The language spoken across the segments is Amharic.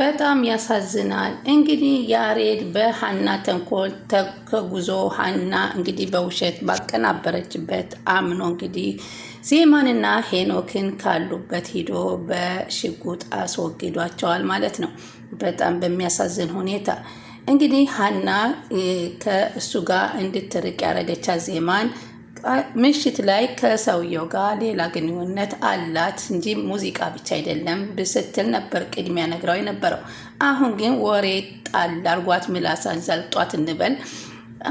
በጣም ያሳዝናል። እንግዲህ ያሬድ በሀና ተንኮል ተጉዞ ሀና እንግዲህ በውሸት ባቀናበረችበት አምኖ እንግዲህ ዜማንና ሄኖክን ካሉበት ሂዶ በሽጉጥ አስወግዷቸዋል ማለት ነው። በጣም በሚያሳዝን ሁኔታ እንግዲህ ሀና ከእሱ ጋር እንድትርቅ ያደረገቻት ዜማን ምሽት ላይ ከሰውየው ጋር ሌላ ግንኙነት አላት እንጂ ሙዚቃ ብቻ አይደለም ብስትል ነበር ቅድሚያ ነግራው የነበረው። አሁን ግን ወሬ ጣል አርጓት ምላስ አንዘልጧት እንበል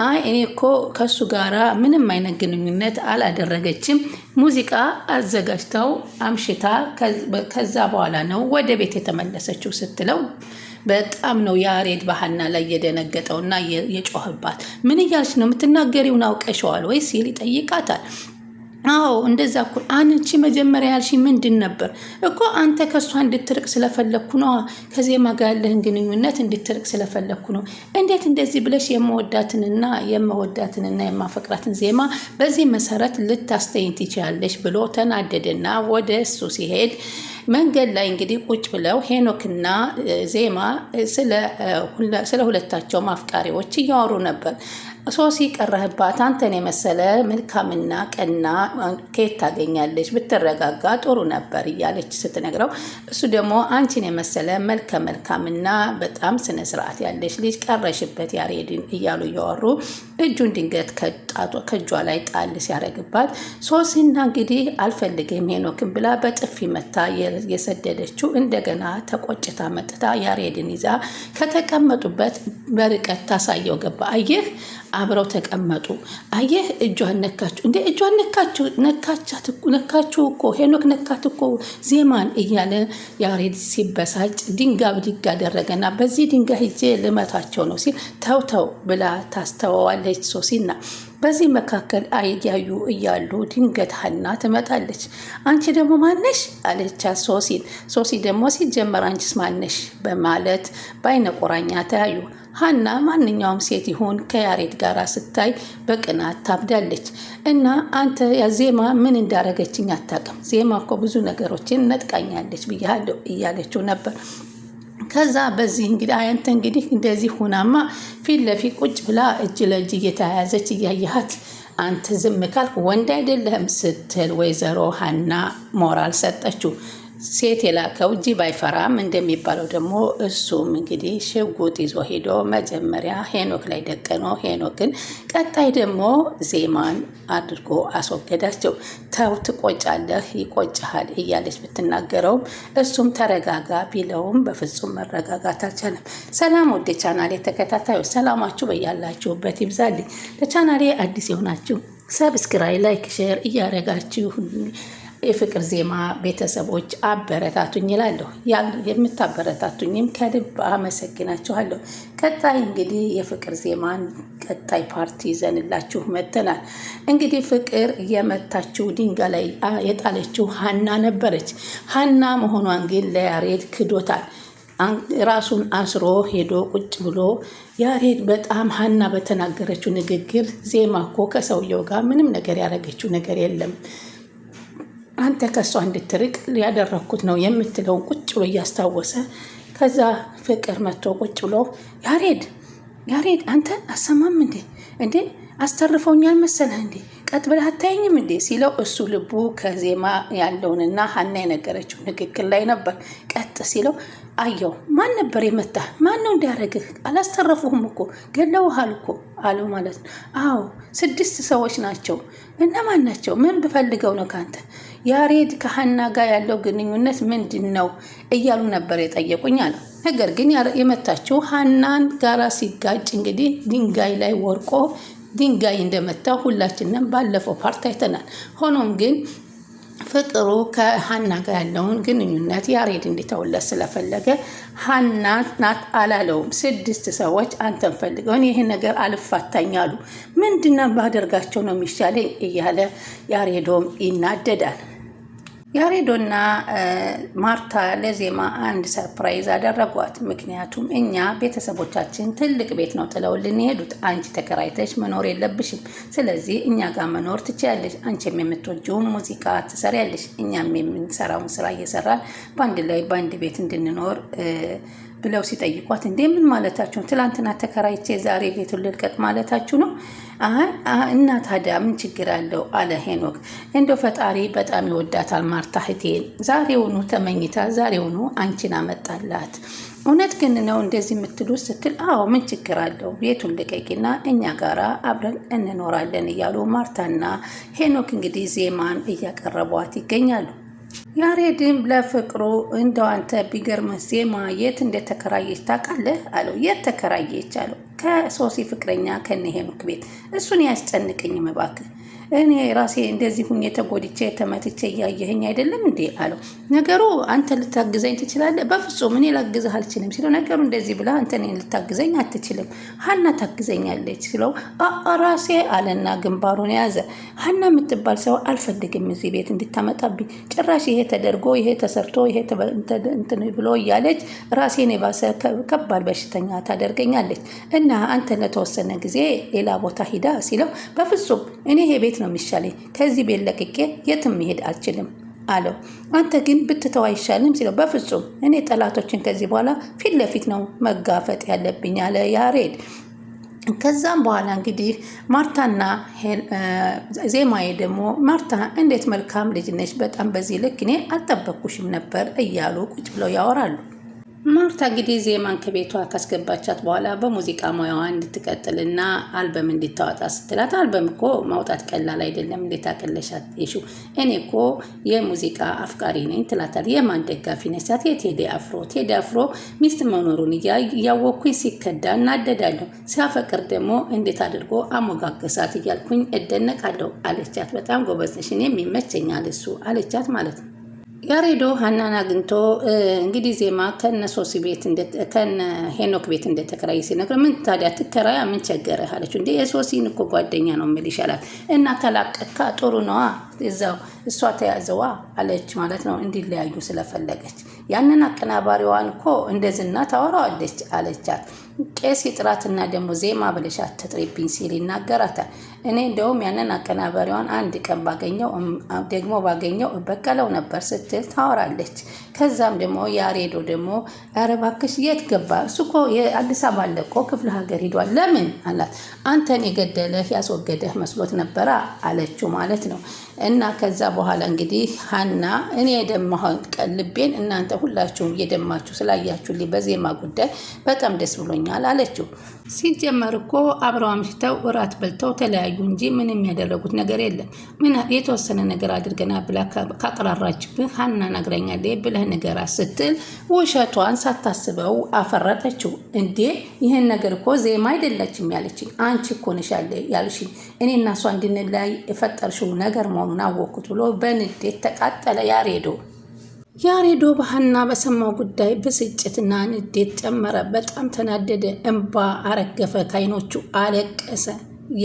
አይ እኔ እኮ ከእሱ ጋራ ምንም አይነት ግንኙነት አላደረገችም። ሙዚቃ አዘጋጅተው አምሽታ ከዛ በኋላ ነው ወደ ቤት የተመለሰችው ስትለው በጣም ነው ያሬድ ባህልና ላይ የደነገጠውና የጮህባት። ምን እያልሽ ነው የምትናገሪውን አውቀሸዋል ወይ ሲል ይጠይቃታል። አዎ እንደዛ እኮ አንቺ መጀመሪያ ያልሽ ምንድን ነበር እኮ አንተ ከእሷ እንድትርቅ ስለፈለግኩ ነው። ከዜማ ጋር ያለህን ግንኙነት እንድትርቅ ስለፈለግኩ ነው። እንዴት እንደዚህ ብለሽ የመወዳትንና የመወዳትንና የማፈቅራትን ዜማ በዚህ መሰረት ልታስተይኝ ትችላለሽ ብሎ ተናደደና ወደ እሱ ሲሄድ መንገድ ላይ እንግዲህ ቁጭ ብለው ሄኖክና ዜማ ስለ ሁለታቸው ማፍቃሪዎች እያወሩ ነበር። ሶሲ ቀረህባት፣ አንተን የመሰለ መልካምና ቀና ከየት ታገኛለች? ብትረጋጋ ጥሩ ነበር እያለች ስትነግረው፣ እሱ ደግሞ አንቺን የመሰለ መልከ መልካምና በጣም ስነስርዓት ያለች ልጅ ቀረሽበት ያሬድን እያሉ እያወሩ እጁን ድንገት ከእጇ ላይ ጣል ሲያደርግባት ሶሲና እንግዲህ አልፈልግም ሄኖክን ብላ በጥፊ መታ የሰደደችው እንደገና ተቆጭታ መጥታ ያሬድን ይዛ ከተቀመጡበት በርቀት ታሳየው ገባ። አየህ አብረው ተቀመጡ። አየህ እጇን ነካችሁ እንዴ? እጇን ነካችሁ ነካችሁ እኮ ሄኖክ ነካት እኮ ዜማን እያለ ያሬድ ሲበሳጭ ድንጋ ብድግ አደረገና በዚህ ድንጋይ ሂጄ ልመታቸው ነው ሲል ተውተው ብላ ታስተዋዋል። አለች ሶሲና። በዚህ መካከል እያዩ እያሉ ድንገት ሀና ትመጣለች። አንቺ ደግሞ ማነሽ አለቻት ሶሲን። ሶሲ ደግሞ ሲጀመር አንቺስ ማነሽ በማለት በአይነ ቁራኛ ተያዩ። ሀና ማንኛውም ሴት ይሁን ከያሬድ ጋር ስታይ በቅናት ታብዳለች። እና አንተ ዜማ ምን እንዳረገችኝ አታውቅም፣ ዜማ እኮ ብዙ ነገሮችን ነጥቃኛለች ብያለሁ እያለችው ነበር ከዛ በዚህ እንግዲህ አያንተ እንግዲህ እንደዚህ ሁናማ ፊት ለፊት ቁጭ ብላ እጅ ለእጅ እየተያያዘች እያየሃት አንተ ዝም ካልክ ወንድ አይደለህም ስትል ወይዘሮ ሀና ሞራል ሰጠችው። ሴት የላከው ጅብ አይፈራም እንደሚባለው ደግሞ እሱም እንግዲህ ሽጉጥ ይዞ ሄዶ መጀመሪያ ሄኖክ ላይ ደቀኖ ሄኖክን ቀጣይ ደግሞ ዜማን አድርጎ አስወገዳቸው። ተው ትቆጫለህ፣ ይቆጭሃል እያለች ብትናገረውም እሱም ተረጋጋ ቢለውም በፍጹም መረጋጋት አልቻለም። ሰላም ወደ ቻናሌ ተከታታዮች ሰላማችሁ በያላችሁበት ይብዛልኝ። ለቻናሌ አዲስ የሆናችሁ ሰብስክራይ፣ ላይክ፣ ሼር እያረጋችሁ የፍቅር ዜማ ቤተሰቦች አበረታቱኝ ይላለሁ። የምታበረታቱኝም ከልብ አመሰግናችኋለሁ። ቀጣይ እንግዲህ የፍቅር ዜማን ቀጣይ ፓርቲ ይዘንላችሁ መጥተናል። እንግዲህ ፍቅር የመታችው ድንጋይ ላይ የጣለችው ሀና ነበረች። ሀና መሆኗን ግን ለያሬድ ክዶታል። ራሱን አስሮ ሄዶ ቁጭ ብሎ ያሬድ በጣም ሀና በተናገረችው ንግግር ዜማ እኮ ከሰውየው ጋር ምንም ነገር ያደረገችው ነገር የለም አንተ ከእሷ እንድትርቅ ያደረግኩት ነው የምትለውን ቁጭ ብሎ እያስታወሰ ከዛ ፍቅር መጥቶ ቁጭ ብሎ ያሬድ ያሬድ አንተ አሰማም እንዴ እንዴ አስተርፈውኛል መሰለህ እንዴ ቀጥ ብለህ አታየኝም እንዴ ሲለው እሱ ልቡ ከዜማ ያለውንና ሀና የነገረችው ንግግር ላይ ነበር። ቀጥ ሲለው አየው። ማን ነበር የመታህ? ማን ነው እንዲያደረግህ አላስተረፉህም እኮ ገለውሃል እኮ አሉ ማለት ነው። አዎ ስድስት ሰዎች ናቸው። እነማን ናቸው? ምን ብፈልገው ነው ከአንተ ያሬድ ከሀና ጋር ያለው ግንኙነት ምንድን ነው እያሉ ነበር የጠየቁኝ አለ። ነገር ግን የመታችው ሀናን ጋራ ሲጋጭ እንግዲህ ድንጋይ ላይ ወርቆ ድንጋይ እንደመታ ሁላችንም ባለፈው ፓርት አይተናል። ሆኖም ግን ፍቅሩ ከሀና ጋር ያለውን ግንኙነት ያሬድ እንዲተውለት ስለፈለገ ሀና ናት አላለውም። ስድስት ሰዎች አንተን ፈልገውን ይህን ነገር አልፋታኝ አሉ። ምንድነው ባደርጋቸው ነው የሚሻለኝ እያለ ያሬዶም ይናደዳል። ያሬዶና ማርታ ለዜማ አንድ ሰርፕራይዝ አደረጓት። ምክንያቱም እኛ ቤተሰቦቻችን ትልቅ ቤት ነው ጥለውልን የሄዱት፣ አንቺ ተከራይተሽ መኖር የለብሽም። ስለዚህ እኛ ጋር መኖር ትችያለሽ። አንቺም የምትወጂውን ሙዚቃ ትሰሪያለሽ፣ እኛም የምንሰራውን ስራ እየሰራን በአንድ ላይ በአንድ ቤት እንድንኖር ብለው ሲጠይቋት እንዴ ምን ማለታችሁ ትላንትና ተከራይቼ ዛሬ ቤቱን ልልቀቅ ማለታችሁ ነው እና ታዲያ ምን ችግር አለው አለ ሄኖክ እንደው ፈጣሪ በጣም ይወዳታል ማርታ ህቴን ዛሬውኑ ተመኝታ ዛሬውኑ አንቺን አመጣላት እውነት ግን ነው እንደዚህ የምትሉ? ስትል አዎ ምን ችግር አለው ቤቱን ልቀቂና እኛ ጋራ አብረን እንኖራለን እያሉ ማርታና ሄኖክ እንግዲህ ዜማን እያቀረቧት ይገኛሉ ያሬድም ለፍቅሩ እንደው አንተ ቢገርም ዜማ የት እንደተከራየች ታውቃለህ? አለው። የት ተከራየች? አለው። ከሶሲ ፍቅረኛ ከነ ሄኖክ ቤት። እሱን ያስጨንቀኝ እባክህ እኔ ራሴ እንደዚህ ሁኜ ተጎድቼ ተመትቼ እያየህኝ አይደለም እንዴ አለው። ነገሩ አንተ ልታግዘኝ ትችላለህ? በፍጹም እኔ ላግዝህ አልችልም ሲለው ነገሩ እንደዚህ ብላ አንተ እኔን ልታግዘኝ አትችልም፣ ሀና ታግዘኛለች ሲለው ራሴ አለና ግንባሩን የያዘ ሀና የምትባል ሰው አልፈልግም እዚህ ቤት እንድታመጣብኝ ጭራሽ ይሄ ተደርጎ ይሄ ተሰርቶ ይሄ እንትን ብሎ እያለች ራሴን የባሰ ከባድ በሽተኛ ታደርገኛለች እና አንተ ለተወሰነ ጊዜ ሌላ ቦታ ሂዳ ሲለው በፍጹም እኔ ይሄ ቤት ነው ነው የሚሻለኝ። ከዚህ ቤት ለቅቄ የትም መሄድ አልችልም አለው። አንተ ግን ብትተው አይሻልም ሲለው፣ በፍጹም እኔ ጠላቶችን ከዚህ በኋላ ፊት ለፊት ነው መጋፈጥ ያለብኝ አለ ያሬድ። ከዛም በኋላ እንግዲህ ማርታና ዜማዬ ደግሞ ማርታ እንዴት መልካም ልጅ ነች፣ በጣም በዚህ ልክ እኔ አልጠበቅኩሽም ነበር እያሉ ቁጭ ብለው ያወራሉ። ማርታ እንግዲህ ዜማን ከቤቷ ካስገባቻት በኋላ በሙዚቃ ሙያዋ እንድትቀጥልና አልበም እንድታወጣ ስትላት አልበም እኮ ማውጣት ቀላል አይደለም፣ እንዴት አቀለሻት ሹ እኔ እኮ የሙዚቃ አፍቃሪ ነኝ ትላታል። የማን ደጋፊ ነች ሲላት የቴዲ አፍሮ ቴዲ አፍሮ ሚስት መኖሩን እያወኩኝ ሲከዳ እናደዳለሁ፣ ሲያፈቅር ደግሞ እንዴት አድርጎ አሞጋገሳት እያልኩኝ እደነቃለሁ አለቻት። በጣም ጎበዝ ነሽ፣ እኔም ይመቸኛል እሱ አለቻት ማለት ነው። ያሬዶ ሀናን አግኝቶ እንግዲህ ዜማ ከነ ሶሲ ቤት ከነ ሄኖክ ቤት እንደተከራይ ሲነግረው ምን ታዲያ ትከራያ ምን ቸገረህ አለችው። እንዴ የሶሲን እኮ ጓደኛ ነው የምልህ ይሻላል እና ከላቀካ ጥሩ ነዋ እዛው እሷ ተያዘዋ አለች ማለት ነው እንዲለያዩ ስለፈለገች። ያንን አቀናባሪዋን እኮ እንደዝና ታወራዋለች አለቻት። ቄስ ይጥራትና ደግሞ ዜማ ብለሽ አትጥሪብኝ ሲል ይናገራታል። እኔ እንደውም ያንን አቀናባሪዋን አንድ ቀን ባገኘው ደግሞ ባገኘው እበቀለው ነበር ስትል ታወራለች። ከዛም ደግሞ ያሬዶ ደግሞ ኧረ እባክሽ የት ገባ? እሱ እኮ የአዲስ አበባ ለቆ ክፍለ ሀገር ሂዷል። ለምን አላት። አንተን የገደለህ ያስወገደህ መስሎት ነበራ አለችው ማለት ነው። እና ከዛ በኋላ እንግዲህ ሀና እኔ የደማሁ ልቤን እናንተ ሁላችሁም እየደማችሁ ስላያችሁልኝ በዜማ ጉዳይ በጣም ደስ ብሎኛል አለችው። ሲጀመር እኮ አብረው አምሽተው እራት በልተው ተለያዩ እንጂ ምንም ያደረጉት ነገር የለም። ምን የተወሰነ ነገር አድርገና ብላ ካቀራራችብህ ሀና ነግረኛለች ብለህ ንገራት ስትል ውሸቷን ሳታስበው አፈረጠችው። እንዴ ይህን ነገር እኮ ዜማ አይደለችም ያለችኝ አንቺ እኮ ነሽ ያልሽኝ፣ እኔ እና እሷ እንድንለያይ የፈጠርሽው ነገር መሆኑን አወቅኩት ብሎ በንዴት ተቃጠለ ያሬዶ። ያሬዶ ባህና በሰማው ጉዳይ ብስጭትና ንዴት ጨመረ። በጣም ተናደደ። እንባ አረገፈ፣ ካይኖቹ አለቀሰ።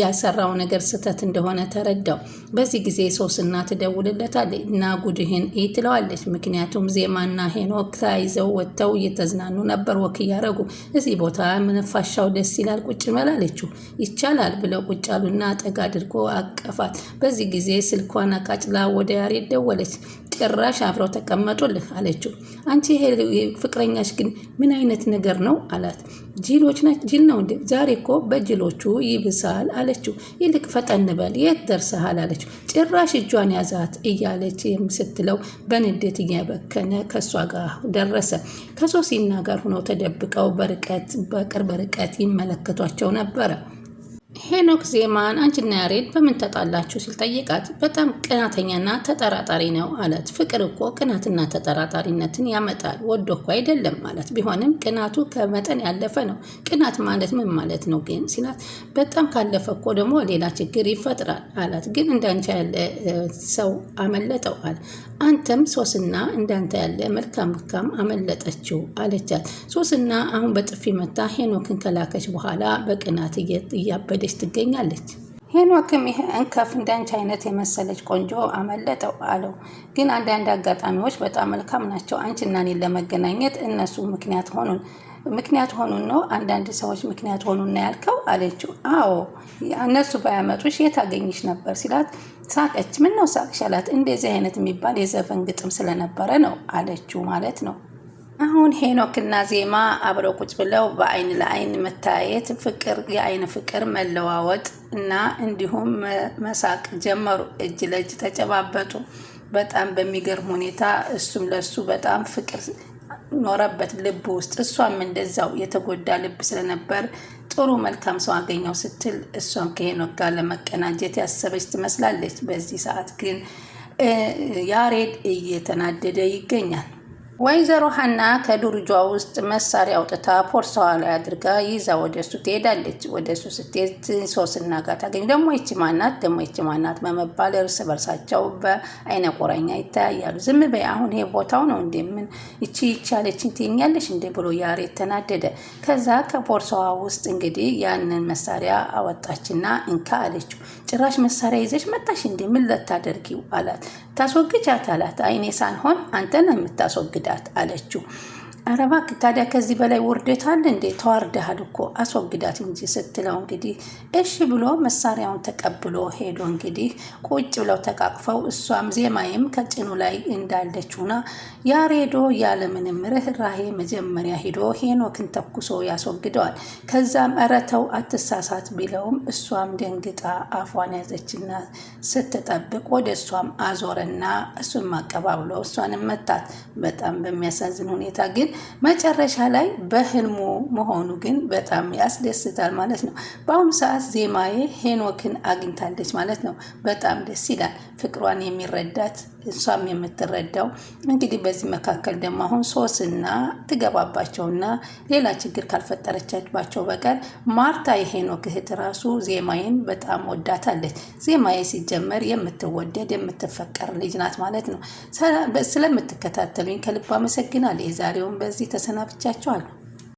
ያሰራው ነገር ስህተት እንደሆነ ተረዳው። በዚህ ጊዜ ሶስና ትደውልለታለች እና ጉድህን ይ ትለዋለች። ምክንያቱም ዜማና ሄኖክ ተያይዘው ወጥተው እየተዝናኑ ነበር፣ ወክ እያረጉ። እዚህ ቦታ ምንፋሻው ደስ ይላል፣ ቁጭ መላለችው ይቻላል ብለው ቁጭ አሉና ጠጋ አድርጎ አቀፋት። በዚህ ጊዜ ስልኳን አቃጭላ ወደ ያሬድ ደወለች። ጭራሽ አብረው ተቀመጡልህ አለችው። አንቺ ይሄ ፍቅረኛሽ ግን ምን አይነት ነገር ነው አላት። ጅሎች ጅል ነው እንዴ? ዛሬ እኮ በጅሎቹ ይብሳል አለችው። ይልቅ ፈጠን በል የት ደርሰሃል አለችው። አለች። ጭራሽ እጇን ያዛት እያለች ስትለው በንዴት እያበከነ ከእሷ ጋር ደረሰ። ከሶሲና ጋር ሆኖ ተደብቀው በርቀት በቅርብ ርቀት ይመለከቷቸው ነበረ። ሄኖክ ዜማን አንቺና ያሬድ በምን ተጣላችሁ ሲል ጠይቃት፣ በጣም ቅናተኛና ተጠራጣሪ ነው አላት። ፍቅር እኮ ቅናትና ተጠራጣሪነትን ያመጣል። ወዶ እኮ አይደለም ማለት ቢሆንም ቅናቱ ከመጠን ያለፈ ነው። ቅናት ማለት ምን ማለት ነው ግን ሲላት፣ በጣም ካለፈ እኮ ደግሞ ሌላ ችግር ይፈጥራል አላት። ግን እንዳንቺ ያለ ሰው አመለጠው አለ። አንተም ሶስና እንዳንተ ያለ መልካም ልካም አመለጠችው አለቻት። ሶስና አሁን በጥፊ መታ ሄኖክን ከላከች በኋላ በቅናት እያበ እየለመደች ትገኛለች። ሄኖክም ይህ እንከፍ እንዳንቺ አይነት የመሰለች ቆንጆ አመለጠው አለው። ግን አንዳንድ አጋጣሚዎች በጣም መልካም ናቸው። አንቺና እኔን ለመገናኘት እነሱ ምክንያት ሆኑን ምክንያት ሆኑን ነው አንዳንድ ሰዎች ምክንያት ሆኑና ያልከው አለችው። አዎ እነሱ ባያመጡሽ የት አገኝሽ ነበር ሲላት ሳቀች። ምን ነው ሳቅሽ አላት። እንደዚህ አይነት የሚባል የዘፈን ግጥም ስለነበረ ነው አለችው ማለት ነው። አሁን ሄኖክ እና ዜማ አብረው ቁጭ ብለው በአይን ለአይን መታየት ፍቅር የአይን ፍቅር መለዋወጥ እና እንዲሁም መሳቅ ጀመሩ። እጅ ለእጅ ተጨባበጡ። በጣም በሚገርም ሁኔታ እሱም ለሱ በጣም ፍቅር ኖረበት ልብ ውስጥ፣ እሷም እንደዛው የተጎዳ ልብ ስለነበር ጥሩ መልካም ሰው አገኘው ስትል እሷም ከሄኖክ ጋር ለመቀናጀት ያሰበች ትመስላለች። በዚህ ሰዓት ግን ያሬድ እየተናደደ ይገኛል። ወይዘሮ ሀና ከዱር እጇ ውስጥ መሳሪያ አውጥታ ቦርሳዋ ላይ አድርጋ ይዛ ወደ እሱ ትሄዳለች። ወደ እሱ ስትሄድ ሶስና ጋር ታገኝ። ደግሞ ይቺ ማናት? ደግሞ ይቺ ማናት? በመባል እርስ በርሳቸው በአይነ ቁራኛ ይተያያሉ። ዝም በይ አሁን ይሄ ቦታው ነው እንደምን ይቺ ይቻለችን ትኛለሽ እንዴ ብሎ ያሬት ተናደደ። ከዛ ከቦርሳዋ ውስጥ እንግዲህ ያንን መሳሪያ አወጣችና እንካ አለችው። ጭራሽ መሳሪያ ይዘሽ መጣሽ እንዴ ምን ለታደርጊው አላት። ታስወግጃት አላት። አይኔ ሳንሆን አንተ ነው የምታስወግዳ አስወስዳት አለችው። ኧረ እባክህ ታዲያ ከዚህ በላይ ውርደታል እንዴ? ተዋርደሃል እኮ አስወግዳት እንጂ ስትለው እንግዲህ እሺ ብሎ መሳሪያውን ተቀብሎ ሄዶ እንግዲህ ቁጭ ብለው ተቃቅፈው እሷም ዜማይም ከጭኑ ላይ እንዳለች ሁና ያሬዶ ያለምንም ርህራሄ መጀመሪያ ሂዶ ሄኖክን ተኩሶ ያስወግደዋል። ከዛም ኧረ ተው አትሳሳት ቢለውም እሷም ደንግጣ አፏን ያዘችና ስትጠብቅ ወደ እሷም አዞረና እሱም አቀባብሎ እሷንም መታት። በጣም በሚያሳዝን ሁኔታ ግን መጨረሻ ላይ በህልሙ መሆኑ ግን በጣም ያስደስታል ማለት ነው። በአሁኑ ሰዓት ዜማዬ ሄኖክን አግኝታለች ማለት ነው። በጣም ደስ ይላል። ፍቅሯን የሚረዳት እሷም የምትረዳው እንግዲህ በዚህ መካከል ደግሞ አሁን ሶስና ትገባባቸውና ሌላ ችግር ካልፈጠረችባቸው በቀር ማርታ የሄኖክ እህት ራሱ ዜማዬን በጣም ወዳታለች። ዜማዬ ሲጀመር የምትወደድ የምትፈቀር ልጅ ናት ማለት ነው። ስለምትከታተሉኝ ከልብ አመሰግናል። የዛሬውን በዚህ ተሰናብቻቸዋለሁ።